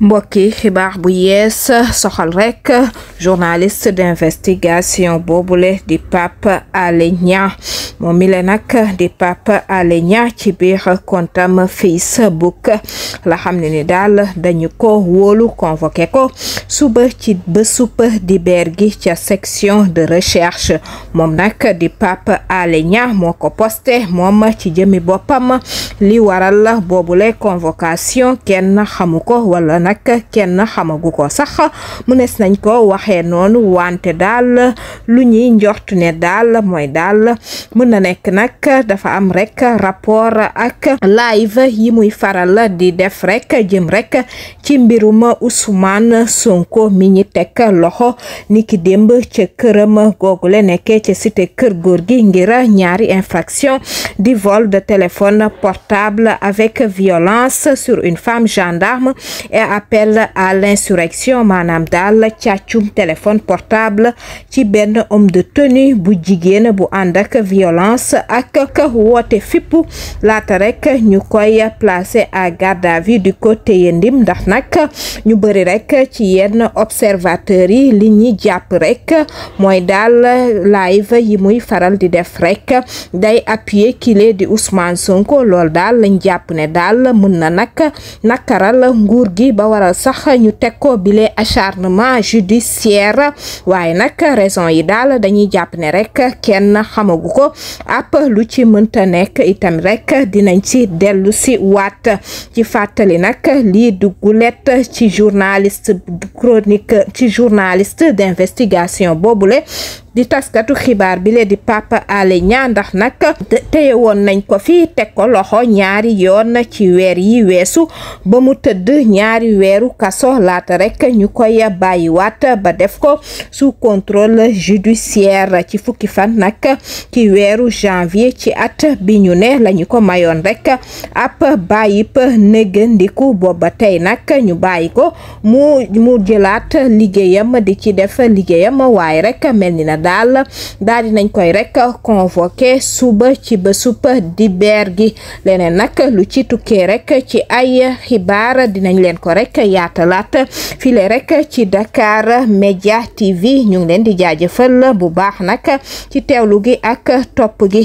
mbokki xibaar bu yees soxal rek journaliste d'investigation boobule di Pape Alé Niang moom mi nag di Pape Alé Niang ci biir kontam Facebook la xam ne ni daal dañu ko wóolu convoqué ko suba ci bésub dibeer gi ca section de recherche moom nag di Pape Alé Niang moo ko posté moom ci jëmi boppam li waral boobule convocation kenn xamu ko wala nag kenn xamagu ko sax mënees nañ ko waxee noonu wante daal lu ñuy njort ne daal mooy daal mën na nekk nag dafa am rek rapport ak live yi muy faral di def rek jëm rek ci mbirum Ousmane Sonko mi ñi teg loxo niki démb ca këram googule nekkee ca cité kër góor gi ngir ñaari infraction di vol de téléphone portable avec violence sur une femme gendarme et appel à l'insurrection maanaam daal càccum téléphone portable ci benn homme de tenue bu jigéen bu ànd ak violence ak ka woote fippu laata rek ñu koy placé à garde à vue du côté yendim ndax nag ñu bëri rek ci yenn observateurs yi li ñuy jàpp rekk mooy daal live yi muy faral di def rek day appuyer kile di Ousmane Sonko lool daal lañ jàpp ne daal mën na nag nakaral nguur gi ba ba waral sax ñu teg ko bile acharnement judiciaire waaye nag raison yi daal dañuy jàpp ne rek kenn xamagu ko ab lu ci mënta nekk itam rek dinañ ci dellu si waat ci fàttali nag lii du gulet ci journalist chronique ci journaliste d'investigation boobule di taskatu xibaar bi lee di Pape Alé Niang ndax nag téye woon nañ ko fi teg ko loxo ñaari yoon ci weer yi weesu ba mu tëdd ñaari weeru kaso laata rekk ñu koy bàyyiwaat ba def ko sous contrôle judiciaire ci fukki fan nag ci weeru janvier ci at bi ñu ne lañu ko mayoon rekk ab bàyyip négandiku booba tey nag ñu bàyyi ko mu mu jëlaat liggéeyam di ci def liggéeyam waaye rek mel ni na daal daal di nañ koy rek convoqué suba ci ba di beer gi leneen nag lu ci tukkee rek ci ay xibaar dinañ leen ko rek yaatalaat file rek ci Dakar Media TV ñu ngi leen di jaajëfal bu baax nag ci teewlu gi ak topp gi